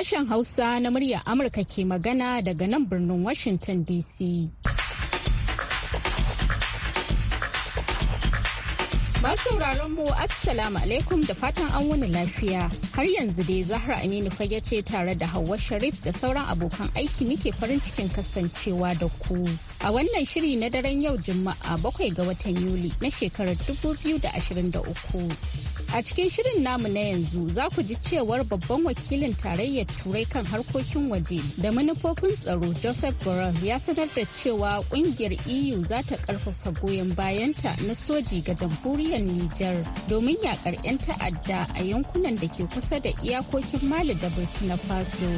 Sashen Hausa na murya Amurka ke magana daga nan birnin Washington DC. Masu sauraron mu Assalamu alaikum da fatan an wani lafiya. Har yanzu dai Zahra Aminu fage ce tare da Hauwa Sharif da sauran abokan aiki muke farin cikin kasancewa da ku. A wannan shiri na daren yau Juma'a bakwai ga watan Yuli na shekarar 2023. A cikin shirin namu na yanzu za ku ji cewar babban wakilin tarayyar turai kan harkokin waje da manufofin tsaro Joseph Borrell ya sanar da cewa kungiyar EU za ta karfafa goyon bayanta na soji ga jamhuriyar Nijar domin yakar 'yan ta'adda a yankunan da ke kusa da iyakokin Mali da Burkina Faso.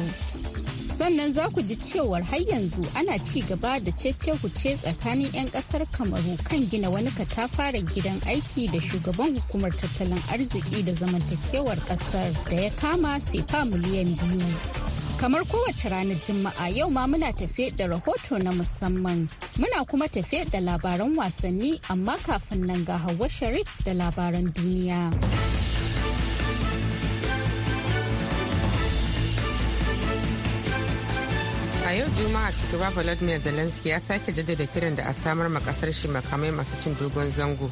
sannan za ku ji cewar har yanzu ana ci gaba da cece-kuce tsakanin 'yan kasar kamaru kan gina wani katafaren gidan aiki da shugaban hukumar tattalin arziki da zamantakewar kasar da ya kama sefa miliyan biyu kamar kowace ranar juma'a yau ma muna tafe da rahoto na musamman muna kuma tafe da labaran wasanni amma kafin nan ga hawa sharif da labaran duniya. yau Juma'a shugaba Volodymyr Zelensky ya sake jaddada kiran da a samar ma kasar shi makamai masu cin dogon zango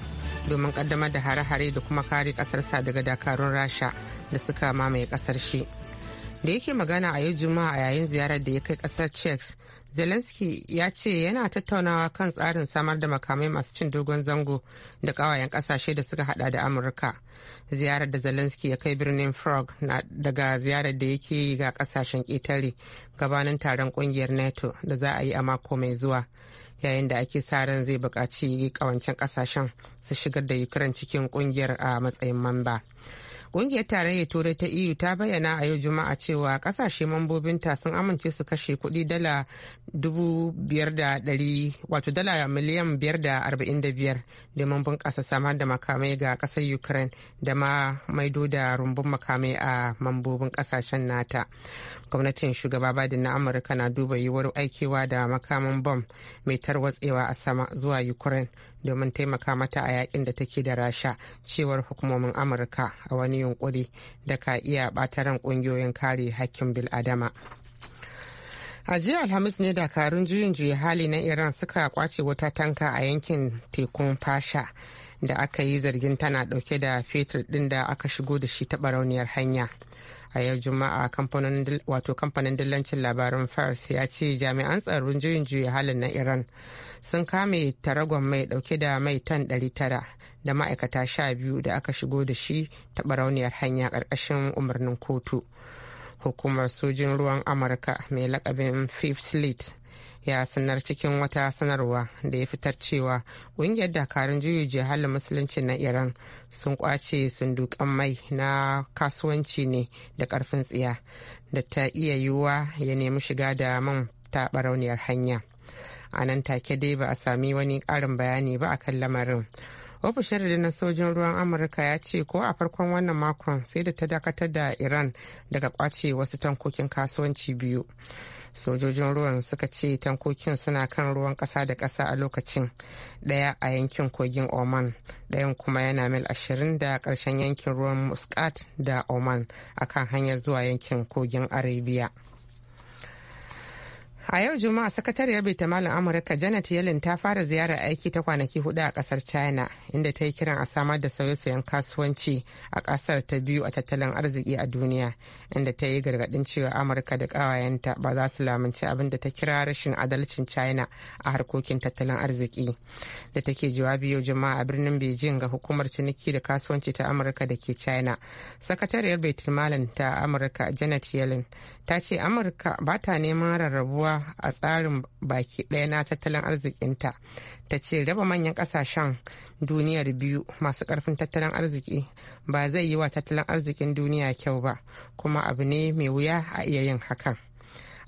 domin kaddamar da hare-hare da kuma kare kasarsa daga dakarun Rasha da suka mamaye kasar shi. Da yake magana a yau Juma'a a yayin ziyarar da ya kai kasar Czech zelensky ya ce yana tattaunawa kan tsarin samar da makamai masu cin dogon zango da kawayen kasashe da suka hada da amurka ziyarar da zelensky ya kai birnin frog na daga ziyarar da yake yi ga kasashen ƙetare gabanin taron ƙungiyar nato da za a yi a mako mai zuwa yayin da ake sa ran zai buƙaci kawancen kasashen su shigar da ukraine cikin ƙungiyar a matsayin mamba. Ƙungiyar Tarayyar Turai ta EU ta bayyana a yau Juma'a cewa ƙasashe mambobinta sun amince su kashe kuɗi dala dubu biyar da ɗari wato dala miliyan biyar da arba'in da biyar domin bunƙasa samar da makamai ga ƙasar Ukraine da ma maido da rumbun makamai a mambobin ƙasashen nata. Gwamnatin shugaba Biden na Amurka na duba yiwuwar aikewa da makaman bom mai tarwatsewa a sama zuwa Ukraine domin taimaka mata a yakin da take da rasha cewar hukumomin amurka a wani yunkuri da ka iya bataran ƙungiyoyin kare hakkin bil'adama. a jiya alhamis ne dakarun juyin juya hali na iran suka kwace wata tanka a yankin tekun fasha da aka yi zargin tana dauke da fetur din da aka shigo da shi ta barauniyar hanya a yau juma'a wato kamfanin dillancin labarin fars ya ce jami'an tsaron juyin juya halin na iran sun kame taragon mai dauke da mai tan 900 da ma'aikata 12 da aka shigo da shi ta barauniyar hanya karkashin umarnin kotu hukumar sojin ruwan amurka mai lakabin fifth fleet ya sanar cikin wata sanarwa da ya fitar cewa ƙungiyar dakarun juyin jihar musulunci na iran sun kwace sundukan mai na kasuwanci ne da karfin tsiya da ta iya yiwuwa ya nemi shiga da man ta hanya a nan take dai ba a sami wani ƙarin bayani ba a kan lamarin ofishin rundunar sojin ruwan amurka ya ce ko a farkon wannan makon sai da ta dakatar da iran daga kwace wasu tankokin kasuwanci biyu sojojin ruwan suka ce tankokin suna kan ruwan ƙasa da ƙasa a lokacin ɗaya a yankin kogin oman ɗayan kuma yana mil ashirin da ƙarshen yankin ruwan muscat da oman akan hanyar zuwa yankin kogin arabia. A yau Juma'a sakatariyar Bita Malam Amurka Janet Yellen ta fara ziyarar aiki ta kwanaki hudu a kasar China inda ta yi kiran a samar da sauye-sauyen kasuwanci a kasar ta biyu a tattalin arziki a duniya inda ta yi gargadin cewa Amurka da kawayenta ba za su lamunci abin da ta kira rashin adalcin China a harkokin tattalin arziki. Da take jawabi yau Juma'a a birnin Beijing ga hukumar ciniki da kasuwanci ta Amurka da ke China. Sakatariyar Baitul Malam ta Amurka Janet Yellen ta ce Amurka ba ta neman rarrabuwa rayuwa a tsarin baki ɗaya na tattalin arzikinta ta ce raba manyan ƙasashen duniyar biyu masu ƙarfin tattalin arziki ba zai yi wa tattalin arzikin duniya kyau ba kuma abu ne mai wuya a iya yin hakan.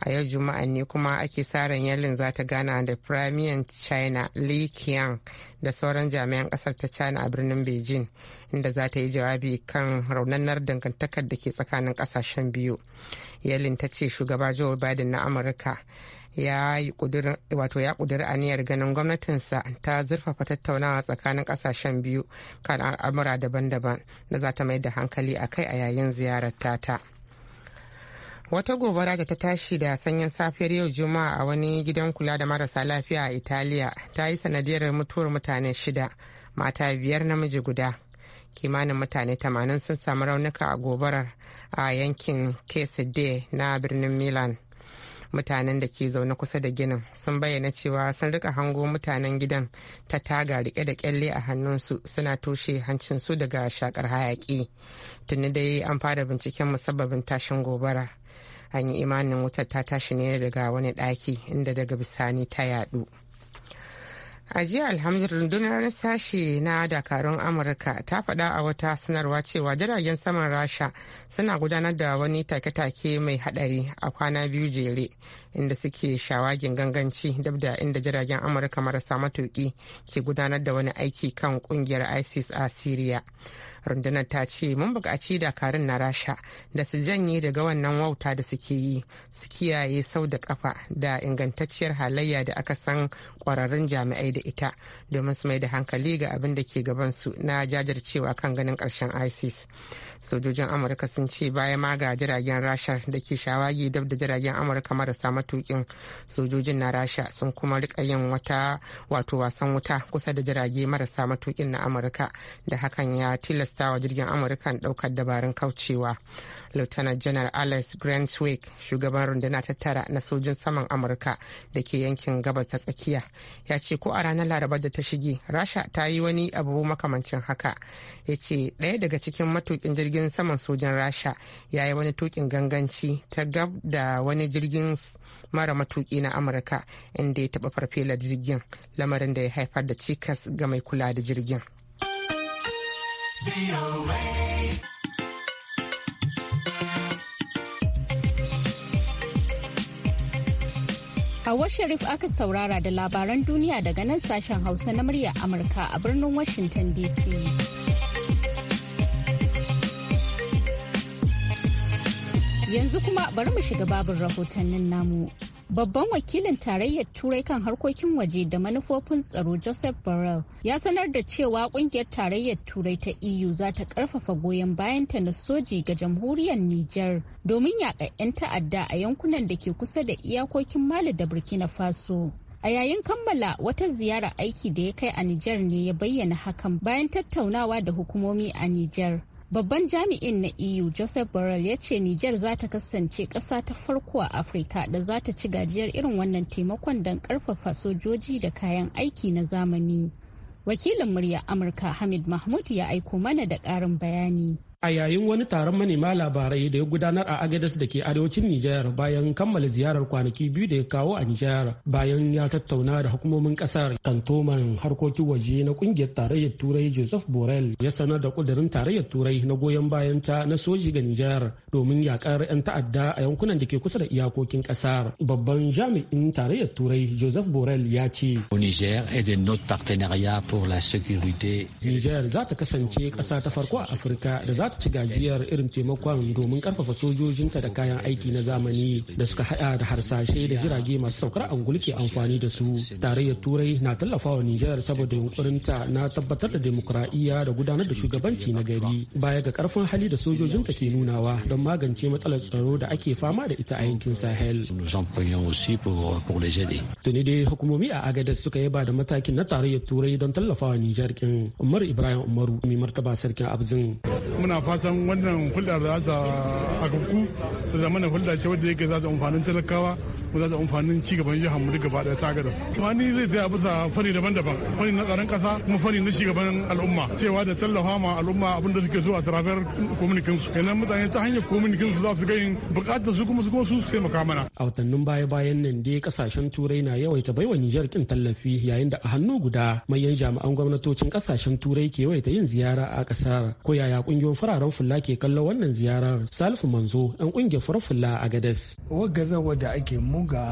a yau juma'a ne kuma ake sa ran yalin za ta gana da premier china li qiang da sauran jami'an kasar ta china a birnin beijing inda za ta yi jawabi kan raunanar dangantakar da ke tsakanin kasashen biyu yalin ta ce shugaba joe biden na amurka ya wato ya kudiri aniyar ganin gwamnatinsa ta zurfafa tattaunawa tsakanin kasashen biyu kan al'amura daban-daban da za ta mai da hankali a kai a yayin ziyarar tata. wata gobara da ta tashi da sanyin safiyar yau juma'a a wani gidan kula da marasa lafiya a italiya ta yi sanadiyar mutuwar mutane shida mata biyar namiji guda kimanin mutane tamanin sun samu raunuka a gobarar a yankin quesadilla na birnin milan mutanen da ke zaune kusa da ginin sun bayyana cewa sun rika hango mutanen gidan ta taga rike da kyalle a hannunsu suna toshe hancinsu daga shakar hayaki tuni dai an fara binciken musabbabin tashin gobara an yi imanin wutar ta tashi ne daga wani ɗaki inda daga bisani ta yadu a jiya alhamdu rundunar sashi na dakarun amurka ta faɗa a wata sanarwa cewa jiragen saman rasha suna gudanar da wani take-take mai haɗari a kwana biyu jere inda suke shawagin ganganci dab da inda jiragen amurka marasa matuki ke gudanar da wani aiki kan ƙungiyar isis a syria rundunar ta ce mun buƙaci dakarun na rasha da su janye daga wannan wauta da suke yi su kiyaye sau da kafa da ingantacciyar halayya da aka san kwararrun jami'ai da ita domin su mai da hankali ga abin da ke gabansu na jajircewa kan ganin karshen isis sojojin amurka sun ce baya ma ga jiragen rasha da ke shawagi dab da jiragen amurka marasa matukin sojojin na rasha sun kuma rika yin wata wato wasan wuta kusa da jirage marasa matukin na amurka da hakan ya tilasta wa jirgin amurkan ɗaukar dabarun kaucewa lieutenant general alex grantwick shugaban rundunar tattara na sojin saman amurka da ke yankin gabas ta tsakiya ya ce ko a ranar larabar da ta shige rasha ta yi wani abu makamancin haka ya ce ɗaya daga cikin matukin jirgin saman sojan rasha ya yi wani tukin ganganci ta gab da wani jirgin mara matuki na amurka inda ya taɓa farfela jirgin lamarin da ya haifar da cikas ga mai kula da jirgin. Hawa Sharif aka saurara da labaran duniya daga nan sashen Hausa na murya Amurka a birnin Washington DC. Yanzu kuma bari mu shiga babin rahotannin namu. Babban wakilin tarayyar Turai kan harkokin waje da manufofin tsaro Joseph Borrell ya sanar da cewa kungiyar tarayyar Turai ta EU za ta karfafa goyon bayan ta na soji ga jamhuriyar Nijar domin yaƙa 'yan ta'adda a yankunan da ke kusa da iyakokin Mali da Burkina Faso. A yayin kammala wata ziyara aiki da ya kai a Nijar ne ya bayyana hakan bayan tattaunawa da hukumomi a Nijar. Babban jami'in na EU Joseph Borrell ya ce Nijar za ta kasance ƙasa ta farko a Afirka da za ta ci gajiyar irin wannan taimakon don ƙarfafa sojoji da kayan aiki na zamani. Wakilin murya Amurka Hamid Mahmud ya aiko mana da ƙarin bayani. a yayin wani taron manema labarai da ya gudanar a agadas da ke arewacin nijar bayan kammala ziyarar kwanaki biyu da ya kawo a nijar bayan ya tattauna da hukumomin kasar kantoman harkokin waje na kungiyar tarayyar turai joseph Borel. ya sanar da kudirin tarayyar turai na goyon bayan ta na soji ga nijar domin yakar 'yan ta'adda a yankunan da ke kusa da iyakokin kasar babban jami'in tarayyar turai joseph Borel ya ce niger za ta kasance kasa ta farko a afirka da za ci gajiyar irin taimakon domin karfafa sojojinta da kayan aiki na zamani da suka haɗa da harsashe da jirage masu saukar angul ke amfani da su tarayyar turai na tallafawa nijar saboda yunkurinta na tabbatar da demokuraɗiyya da gudanar da shugabanci na gari baya ga karfin hali da sojojinta ke nunawa don magance matsalar tsaro da ake fama da ita a yankin sahel tuni dai hukumomi a agadas suka yaba da matakin na tarayyar turai don tallafawa nijar kin umar ibrahim umaru mai martaba sarkin abzin muna fatan wannan hulɗar da za a kanku da zamanin hulɗa ce wadda yake za ta amfanin talakawa ko za ta amfanin cigaban jihar mu gaba da ta gada Wani zai tsaya bisa fari daban-daban fari na tsaron ƙasa kuma fari na shugaban al'umma cewa da tallafa ma al'umma abin da suke so a tarafiyar komunikin su kenan mutane ta hanyar komunikin su za su gani bukatar su kuma su kuma su taimaka mana a watannin baya-bayan nan dai kasashen turai na yawaita baiwa Nijar kin tallafi yayin da a hannu guda manyan jami'an gwamnatocin ƙasashen turai ke yawaita yin ziyara a kasar ko yaya kungiyoyin fararen fulla ke kallo wannan ziyarar salifu manzo yan kungiyar farar fulla a gadas wagazawa da ake mu ga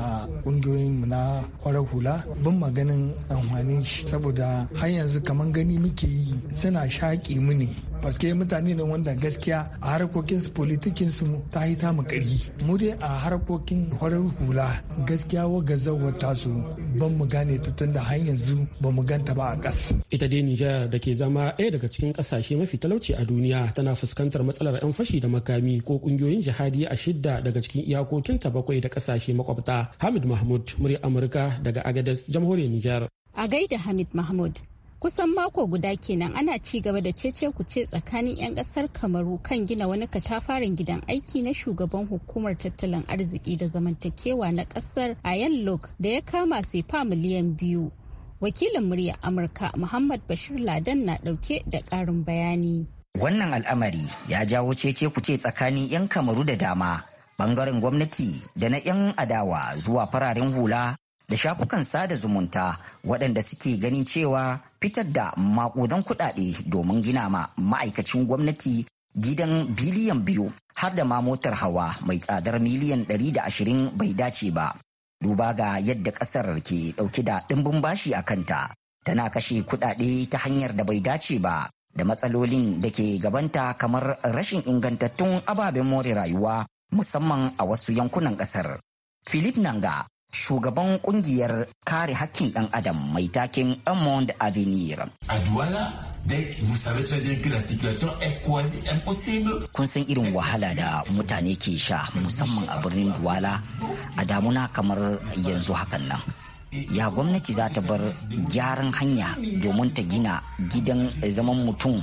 kungiyoyin mu na farar hula ban maganin amfanin shi saboda har yanzu kaman gani muke yi suna shaƙi mu ne paske mutane ne wanda gaskiya a harkokinsu politikinsu ta yi tamu ƙari, mu dai a harkokin horar hula gaskiya waga zawar su ban mu gane ta tun da har yanzu ba mu ganta ba a ƙas. ita dai nijar da ke zama ɗaya daga cikin ƙasashe mafi talauci a duniya tana fuskantar matsalar 'yan fashi da makami ko ƙungiyoyin jihadi a shidda daga cikin iyakokin ta bakwai da ƙasashe makwabta hamid mahmud murya amurka daga agadez jamhuriyar nijar a gaida hamid mahmud kusan mako guda kenan ana ci gaba da cece kuce tsakanin 'yan kasar kamaru kan gina wani katafaren gidan aiki na shugaban hukumar tattalin arziki da zamantakewa na kasar a lok da ya kama sefa miliyan biyu wakilin murya amurka muhammad bashir ladan na dauke da karin bayani wannan al'amari ya jawo cece kuce tsakanin 'yan kamaru da dama bangaren gwamnati da na 'yan adawa zuwa fararen hula da shafukan sada zumunta waɗanda suke ganin cewa fitar da makudan kuɗaɗe domin gina ma ma'aikacin gwamnati gidan biliyan biyu har da ma motar hawa mai tsadar miliyan 120 bai dace ba duba ga yadda ƙasar ke ɗauki da ɗimbin bashi a kanta tana kashe kuɗaɗe ta hanyar da bai dace ba da matsalolin da ke gabanta kamar rashin ingantattun ababen more rayuwa musamman a wasu yankunan ƙasar. Philip Nanga shugaban kungiyar kare hakkin ɗan adam mai takin Amond Avenir. A Kun san irin wahala da mutane ke sha musamman a birnin Duwala a damuna kamar yanzu hakan nan. Ya gwamnati za ta bar gyaran hanya domin ta gina gidan zaman mutum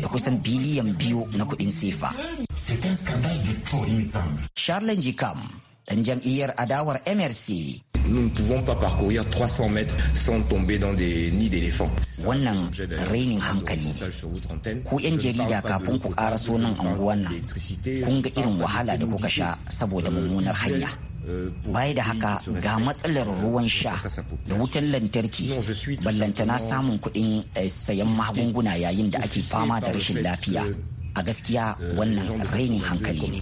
da kusan biliyan biyu na kudin sefa. Charles Jikam dan jam'iyyar adawar MRC. Nous ne pouvons pas parcourir 300 mètres sans tomber dans des nids d'éléphants. Wannan rainin hankali ne. Ku 'yan jarida kafin ku ƙara nan anguwan nan, kun ga irin wahala da kuka sha saboda euh, mummunar hanya. Euh, baya da haka ga matsalar euh, ruwan sha da wutan lantarki ballantana samun kuɗin eh, sayan magunguna yayin da ake fama da rashin lafiya. a gaskiya euh, wannan rainin hankali ne.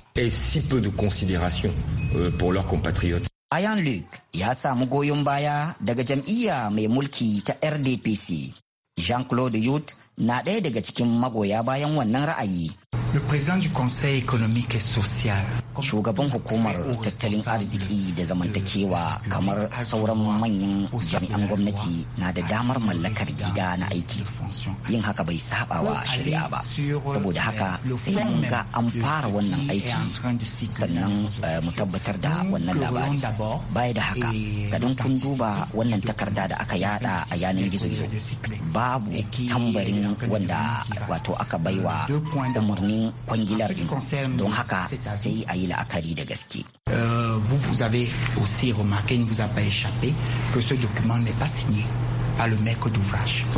Euh, Ayan Luke ya samu goyon baya daga jam'iyya mai mulki ta RDPC. Jean-Claude Youth na ɗaya daga cikin magoya bayan wannan ra'ayi Shugaban hukumar tattalin arziki da zamantakewa kamar sauran manyan jami'an gwamnati na da damar mallakar gida na aiki. Yin haka bai saba wa shari'a ba. Saboda haka sai mun ga an fara wannan aiki sannan eh, mu tabbatar da wannan labari. Baya da haka, gadon kun duba wannan takarda da aka yada a yanar gizo-gizo. Babu tambarin wanda wato aka baiwa umarnin kwangilar kwangilar don haka sai a yi la'akari da gaske. Vous,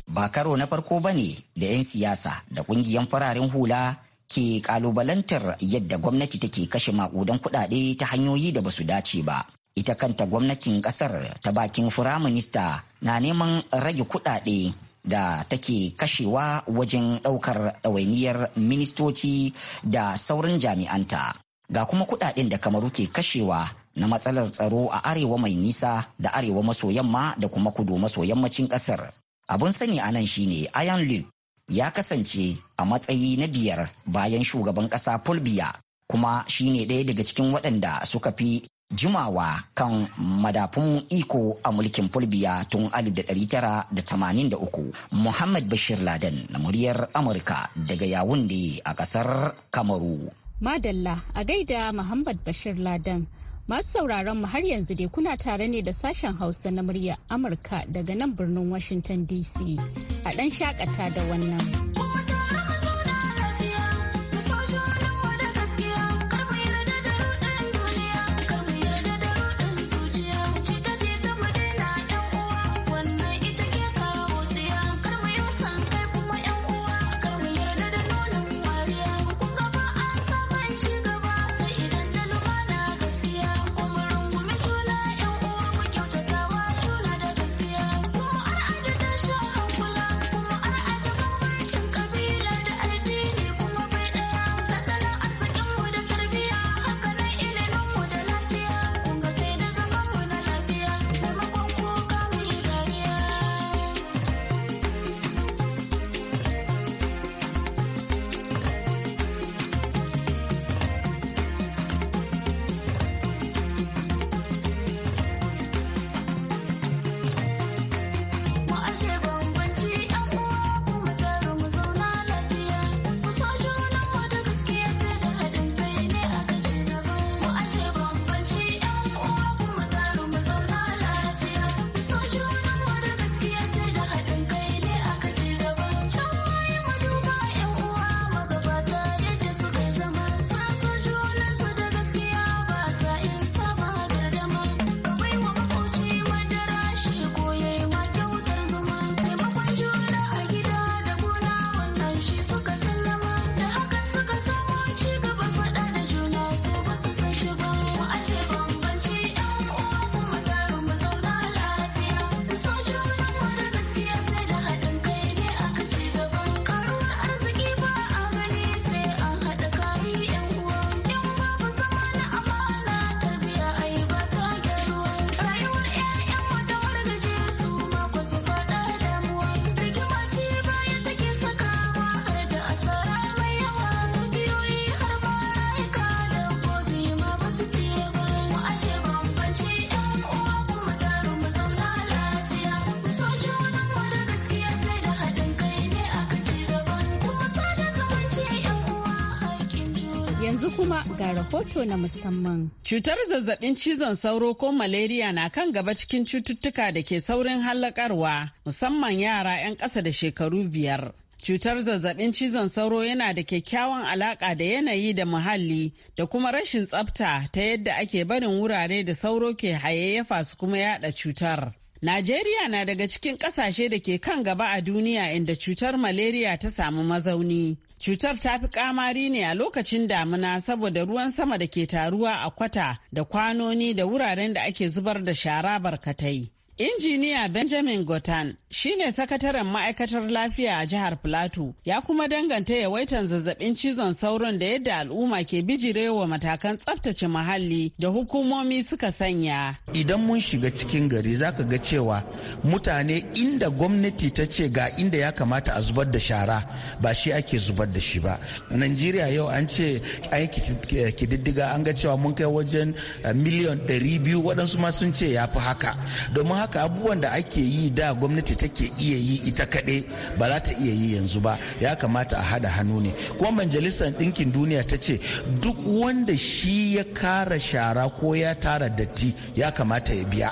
Ba karo na farko ba ne da 'yan siyasa da kungiyan fararen hula ke kalubalantar yadda gwamnati take kashe makudan kudade ta hanyoyi da basu dace ba. Ita kanta gwamnatin kasar ta bakin firaminista na neman rage kudade. da take kashewa wajen ɗaukar ɗawainiyar ministoci da saurin jami'anta. Ga kuma kuɗaɗen da kamaru ke kashewa na matsalar tsaro a arewa mai nisa da arewa maso yamma da kuma kudu maso yammacin ƙasar. Abun sani a nan shine Iron League ya kasance a matsayi na biyar bayan shugaban ƙasa Fulbiya kuma shine ɗaya daga cikin waɗanda suka fi jimawa kan madafun iko a mulkin fulbiya tun 1983 muhammad bashir laden na muryar amurka daga yawunde a kasar kamaru madalla a gaida muhammad bashir laden masu sauraron mu har yanzu dai kuna tare ne da sashen hausa na murya amurka daga nan birnin washington dc a ɗan shakata da wannan. kuma ga rahoto na musamman. Cutar zazzabin cizon sauro ko malaria na kan gaba cikin cututtuka da ke saurin hallakarwa musamman yara 'yan ƙasa da shekaru biyar. Cutar zazzabin cizon sauro yana da kyakkyawan alaƙa da yanayi da muhalli da kuma rashin tsafta ta yadda ake barin wurare da sauro ke hayayyafa su kuma yada cutar. Najeriya na daga cikin ƙasashe da ke kan gaba a duniya inda cutar malaria ta samu mazauni. Cutar ta fi kamari ne a lokacin damina saboda ruwan sama da ke taruwa a kwata da kwanoni da wuraren da ake zubar da shara barkatai. Injiniya Benjamin Gotan shine sakataren ma'aikatar lafiya a jihar Plateau ya kuma danganta yawaitan zazzabin cizon sauron da yadda al'umma ke bijirewa matakan tsaftace muhalli da hukumomi suka sanya. Idan mun shiga cikin gari zaka ga cewa mutane inda gwamnati ta ce ga inda ya kamata a zubar da shara ba shi ake zubar da shi ba. Najeriya yau an ce an eh, kididdiga an ga cewa mun kai wajen eh, miliyan 200 waɗansu ma sun ce ya fi haka. Domin haka abubuwan da ake yi da gwamnati ta take iya yi ita kaɗai ba za ta iya yi yanzu ba ya kamata a hada hannu ne kuma majalisar ɗinkin duniya ta ce duk wanda shi ya kara shara ko ya tara datti ya kamata ya biya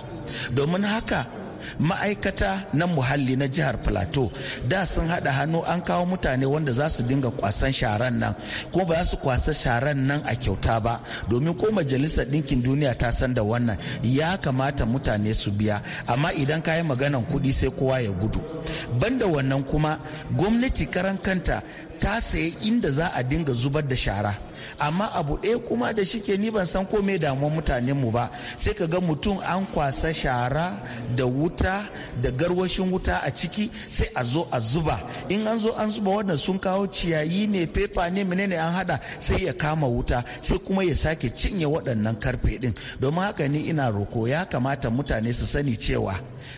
domin haka ma'aikata na muhalli na jihar plateau da sun haɗa hannu an kawo mutane wanda za su dinga kwasan sharan nan ko ba za su kwasa sharan nan a kyauta ba domin ko majalisar ɗinkin duniya ta san da wannan ya kamata mutane su biya amma idan ka yi maganan kuɗi sai kowa ya gudu banda wannan kuma gwamnati karan kanta ta sayi inda za a dinga zubar da shara amma abu ɗaya kuma da shike ni ban san ko me damuwar mutanen mu ba sai ka ga mutum an kwasa shara da wuta da garwashin wuta a ciki sai a zo a zuba in an zo an zuba wannan sun kawo ciyayi ne fefa ne menene an hada sai ya kama wuta sai kuma ya sake cinye waɗannan karfe ɗin domin haka ni ina roko ya kamata mutane su sani cewa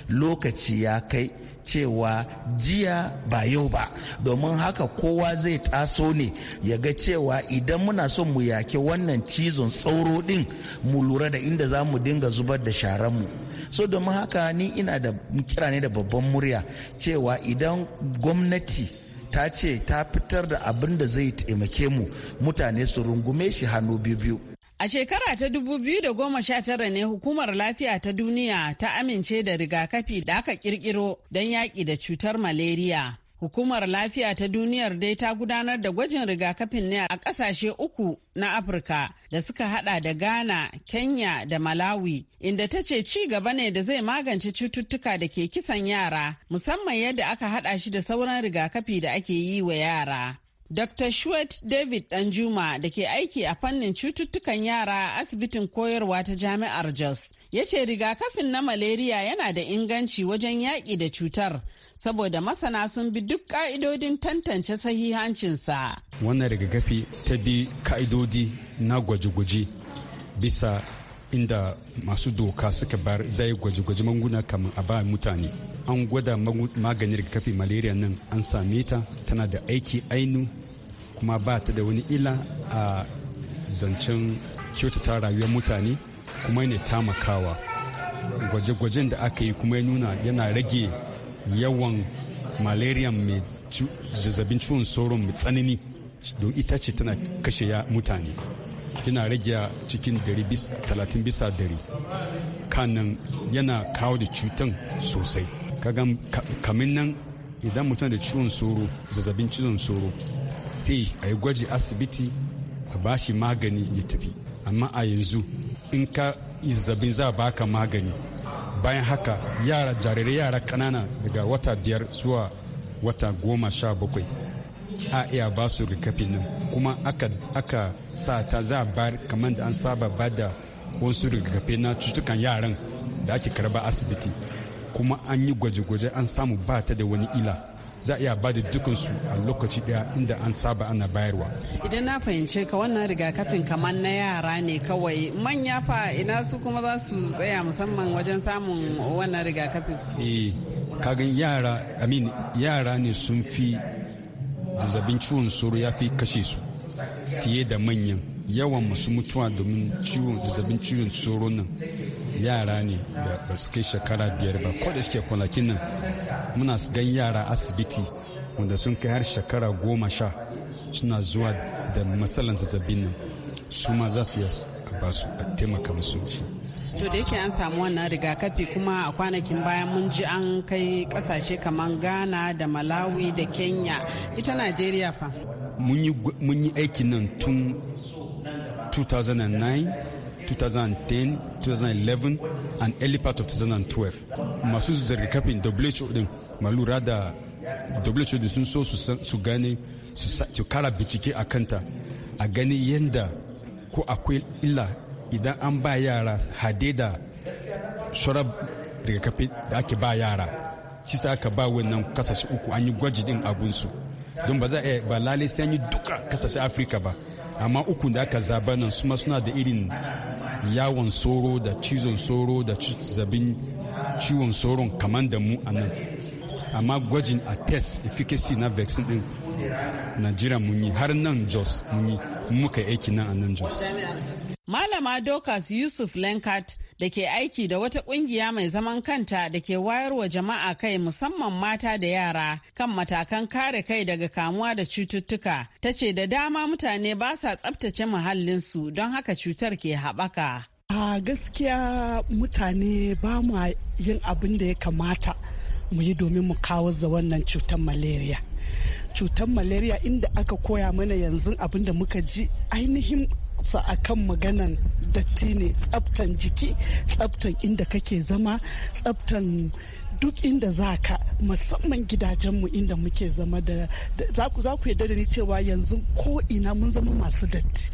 lokaci ya kai cewa jiya ba yau ba domin haka kowa zai taso ne ya ga cewa idan muna son mu yake wannan cizon tsauro din mu lura da inda za mu dinga zubar da sharanmu so domin haka ni ina da kira ne da babban murya cewa idan gwamnati ta ce ta fitar da abin da zai taimake mu mutane su rungume shi hannu biyu biyu A shekara ta 2019 ne hukumar lafiya ta duniya ta amince da rigakafi da aka kirkiro don yaƙi da cutar malaria. Hukumar lafiya ta duniyar dai ta gudanar da gwajin rigakafin ne a ƙasashe uku na Afirka da suka hada da Ghana, Kenya da Malawi, inda ta ce ci gaba ne da zai magance cututtuka da ke kisan yara, musamman yadda aka hada shi da sauran rigakafi da ake yi wa yara. Dr. Shuet David Danjuma da ke aiki a fannin cututtukan yara a asibitin koyarwa ta jami'ar Jos ya ce rigakafin na malaria yana da inganci wajen yaƙi da cutar saboda masana sun bi duk ƙa'idodin tantance sahihancinsa. Wannan rigakafi ta bi ka'idodi na gwaje-gwaje bisa inda masu doka suka bar zai gwaje-gwaje manguna kamar a ba mutane. an gwada maganin rigakafi malaria nan an same ta tana da aiki ainu kuma ba ta da wani ila a zancen kyautata rayuwar mutane kuma ne tamakawa gwaje-gwajen da aka yi kuma ya nuna yana rage yawan malaria mai zazzabin ciwon sauron mai tsanani don ita ce tana kashe ya mutane yana rage cikin 30 bisa dari kanan yana kawo da cutan sosai kagan kamin nan idan mutum da ciwon soro zazzabin cizon soro sai a yi gwaji asibiti a bashi magani ya tafi amma a yanzu in ka zazzabin za baka magani bayan haka yara jarirai yara kanana daga wata biyar zuwa wata goma sha bakwai a iya ba su nan kuma aka, sa ta za bayar kamar da an saba ba da wasu rikafin na cutukan yaran da ake karba asibiti kuma an yi gwaje-gwaje an samu ba ta da wani ila za a iya ba da dukansu a lokaci daya inda an saba ana bayarwa. Idan na fahimce ka wannan rigakafin kamar na yara ne kawai manya fa ina su kuma za su tsaya musamman wajen samun wannan rigakafin. Eh, kagan yara, amin yara ne sun fi zazzabin ciwon soro ya fi kashe su fiye da manyan yawan masu mutuwa domin ciwon zazzabin ciwon soro nan yara ne da ba su kai shekara biyar ba ko da suke kwanakin nan muna gan yara asibiti wanda sun kai har shekara goma sha suna zuwa da matsalan zazzabin nan su ma za su a ba su a taimaka musu to da yake an samu wannan rigakafi kuma a kwanakin bayan mun ji an kai kasashe kamar ghana da malawi da kenya ita najeriya fa mun yi aikin nan tun 2009 2010 2011 and early part of 2012 masu zirga-kafin who din malura da who din sun so su gane su kara bincike a kanta a gani yadda ko akwai illa idan an ba yara hade da shorar rigakafi da ake ba yara shi sa aka ba wannan kasashe uku an yi gwaji din abunsu don ba za a ba lalai sai an yi duka kasashe afirka ba amma uku da aka zaba nan suma suna da irin yawon soro da cizon soro da zabin ciwon soron kamar da mu a nan amma gwajin a test efficacy na vaccine din najeriya mun har nan jos mun yi muka aiki nan a nan jos malama dokas yusuf lenkat da ke aiki da wata kungiya mai zaman kanta da ke wayar wa jama'a kai musamman mata da yara kan matakan kare kai daga kamuwa da cututtuka ta ce da dama mutane ba sa tsabtace muhallinsu don haka cutar ke haɓaka. a gaskiya mutane ba ma yin abin da ya kamata mu yi domin mu kawo da wannan cutar malaria cutar malaria inda aka koya mana yanzu abin da muka ji ainihin sa a kan maganan datti ne tsaftan jiki tsaftan inda kake zama tsaftan duk inda za ka musamman gidajenmu inda muke zama da za ku yarda da ni cewa yanzu ko ina mun zama masu datti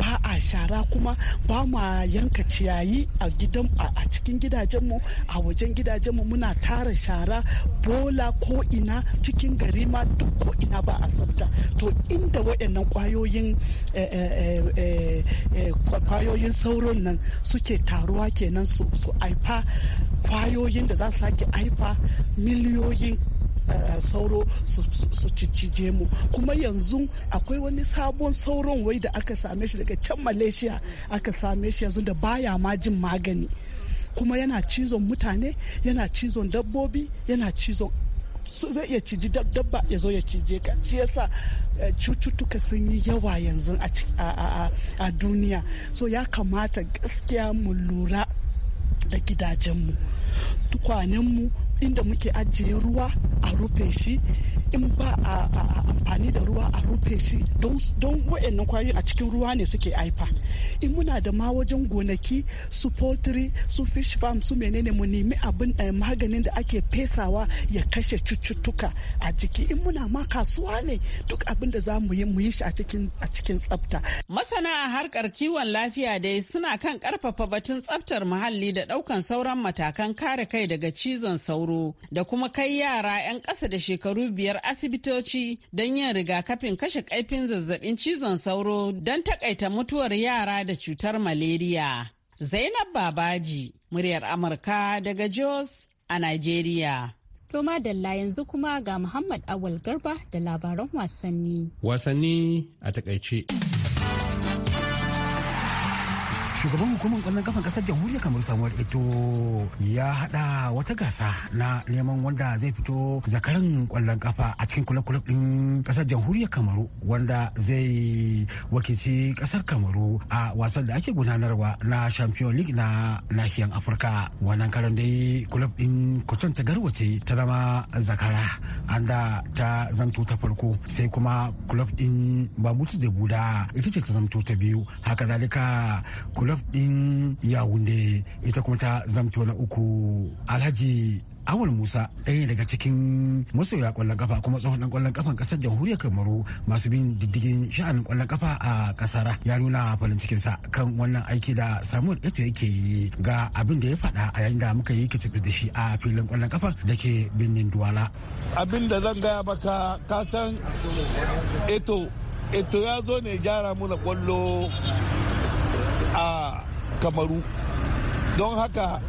ba a shara kuma ba ma yanka ciyayi a gidan a cikin gidajenmu a wajen gidajenmu muna tara shara bola ko ina cikin gari ma duk ko ina ba a tsafta to inda waɗannan kwayoyin kwayoyin eh, eh, eh, sauron nan suke taruwa kenan su aifa kwayoyin da za su sake aifa miliyoyin sauro su cicije mu kuma yanzu akwai wani sabon sauron wai da aka same shi daga can malaysia aka same shi yanzu da baya ma jin magani kuma yana cizon mutane yana cizon dabbobi yana cizon zai iya ciji dabba ya zo ya cije ka shi yasa eh, cututtuka sun yi yawa yanzu a duniya so ya kamata gaskiya mu lura da gidajenmu tukwanenmu inda muke ajiye ruwa a rufe shi in ba a amfani da ruwa a rufe shi don wa'annan kwayoyi a cikin ruwa ne suke haifa in muna da ma wajen gonaki su poultry su fish farm su menene mu nemi abin eh, maganin da ake fesawa ya kashe cututtuka a jiki in muna ma kasuwa ne duk abin da za mu yi mu yi shi a cikin cikin tsafta masana a harkar kiwon lafiya dai suna kan karfafa batun tsaftar muhalli da daukan sauran matakan kare kai daga cizon sauro da kuma kai yara 'yan ƙasa da shekaru biyar asibitoci don yin rigakafin kashe kaifin zazzabin cizon sauro don takaita mutuwar yara da cutar malaria. Zainab Babaji, muryar Amurka daga Jos a Najeriya. Toma Dalla yanzu kuma ga Muhammad Awal Garba da labaran wasanni. Wasanni a takaice. shugaban hukumar kwallon kafan kasar jamhuriyar kamar samuel eto ya hada wata gasa na neman wanda zai fito zakaran kwallon kafa a cikin kulab-kulab din kasar jamhuriyar kamaru wanda zai wakilci kasar kamaru a wasan da ake gudanarwa na champion league na nahiyar afirka wannan karan dai kulab din kuton ta garwace ta zama zakara anda ta zanto ta farko sai kuma kulab din bamutu da buda ita ce ta zanto ta biyu haka zalika kulab kulob din yawunde ita kuma ta zamto na uku alhaji awal musa ɗaya daga cikin masoya kwallon kafa kuma tsohon dan kwallon kafan kasar jamhuriyar kamaru masu bin diddigin sha'anin kwallon kafa a kasar ya nuna farin cikin sa kan wannan aiki da samuel eto yake yi ga abin da ya faɗa a yayin da muka yi kicibis da shi a filin kwallon kafa da ke birnin duwala abin da zan gaya maka kasan eto eto ya zo ne gyara na kwallo a kamaru don haka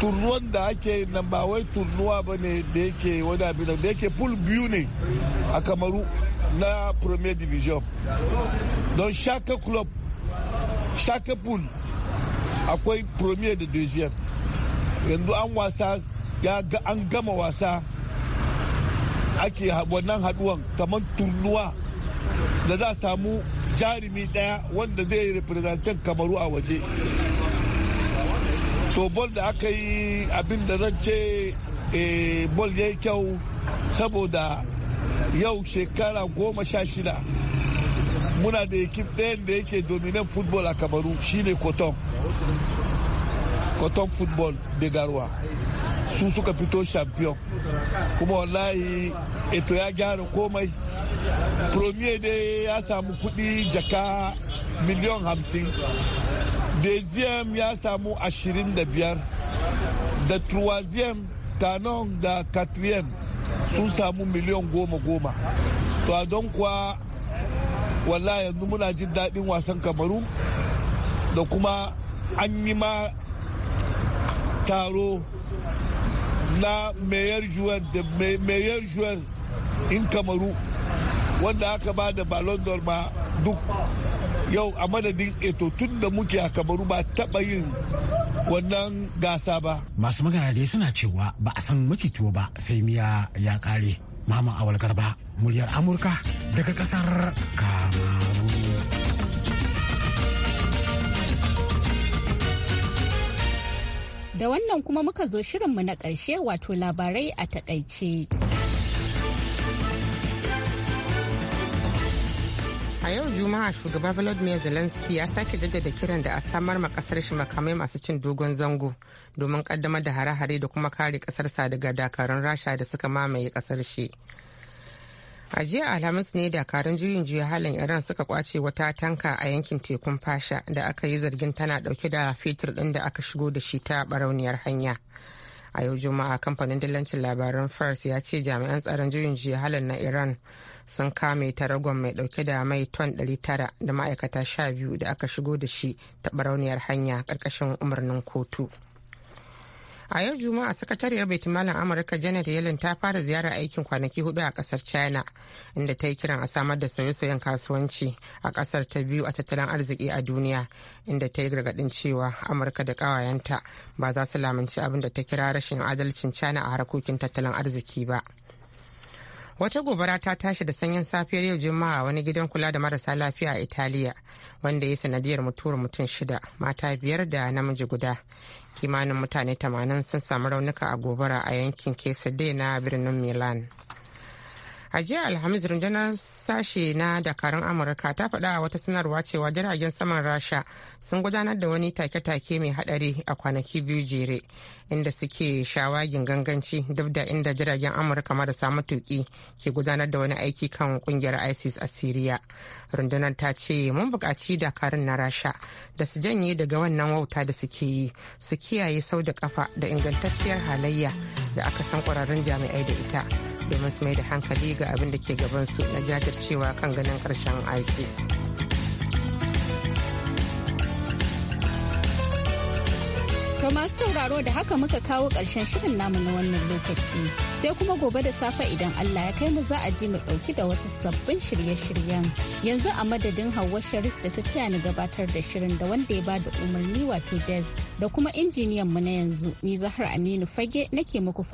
turnuwan da ake nan ba wai turnuwa ba ne da yake wani abin da yake pool biyu ne a kamaru na premier division don shaka club shaka pool akwai premier da deuxième yanzu an wasa an gama wasa ake wannan haduwan kamar turnuwa da za a samu jarumi daya wanda zai representan kamaru a waje to bol da aka yi abin da zan ce eh, bol ya yi kyau saboda yau shekara goma sha shida muna da ekip ɗayan da yake dominan football a kamaru shine koton koton football da garwa su suka fito champion kuma wallahi eto ya gyara komai premier dai ya samu kudi jaka miliyan hamsin deziem ya samu ashirin da biyar da troisième tanon da quatrième sun samu miliyan goma goma to a don kuwa wallahi yanzu muna jin daɗin wasan kamaru da kuma an yi ma taro na mayor juwan da mayor juwan in kamaru wanda aka ba da ballon d'or ma duk yau a madadin eto tun da muke a kamaru ba taba yin wannan gasa ba. Masu magana dai suna cewa ba a san tuwo ba sai miya ya kare. Mama Awal Garba, muryar Amurka daga kasar Kamaru. Da wannan kuma muka zo shirinmu na ƙarshe wato labarai a takaice. a yau juma'a shugaba volodymyr zelensky ya sake jaddada kiran da a samar ma kasar shi makamai masu cin dogon zango domin kaddamar da hare-hare da kuma kare kasarsa daga dakarun rasha da suka mamaye kasar shi a jiya alhamis ne dakarun juyin juya halin iran suka kwace wata tanka a yankin tekun fasha da aka yi zargin tana dauke da fetur din da aka shigo da shi ta barauniyar hanya a yau juma'a kamfanin dillancin labaran fars ya ce jami'an tsaron juyin juya halin na iran sun kame ta taragon mai dauke da mai ton 900 da ma'aikata 12 da aka shigo da shi ta barauniyar hanya karkashin umarnin kotu. a yau juma'a sakatariyar baitulmalin amurka janet yellen ta fara ziyarar aikin kwanaki hudu a kasar china inda ta yi kiran a samar da sauye-sauyen kasuwanci a kasar ta biyu a tattalin arziki a duniya inda ta yi gargadin cewa amurka da kawayenta ba za su lamunci abin da ta kira rashin adalcin china a harkokin tattalin arziki ba wata gobara ta tashi da sanyin safiyar yau juma'a wani gidan kula da marasa lafiya a italiya wanda ya sanadiyar mutuwar mutum shida mata biyar da namiji guda kimanin mutane 80 sun samu raunuka a gobara a yankin kesa na birnin milan a jiya alhamis rundunar sashe na dakarun amurka ta faɗa wata sanarwa cewa jiragen saman rasha sun gudanar da wani take-take mai hadari a kwanaki biyu jere inda suke shawagin ganganci duk da inda jiragen amurka marasa matuƙi ke gudanar da wani aiki kan kungiyar isis a syria rundunar ta ce mun bukaci dakarun na rasha da su janye daga wannan wauta da suke yi su kiyaye sau da kafa da ingantacciyar halayya da aka san ƙwararrun jami'ai da ita ke masu mai da hankali ga abin da ke gaban su na jajircewa kan ganin karshen isis To masu sauraro da haka muka kawo ƙarshen shirin namu na wannan lokaci. Sai kuma gobe da safe idan Allah ya kai mu za a ji mu ɗauki da wasu sabbin shirye-shiryen. Yanzu a madadin Hauwa Sharif da ta taya ni gabatar da shirin da wanda ya ba da umarni wato Des da kuma injiniyan mu na yanzu ni Zahra Aminu Fage nake muku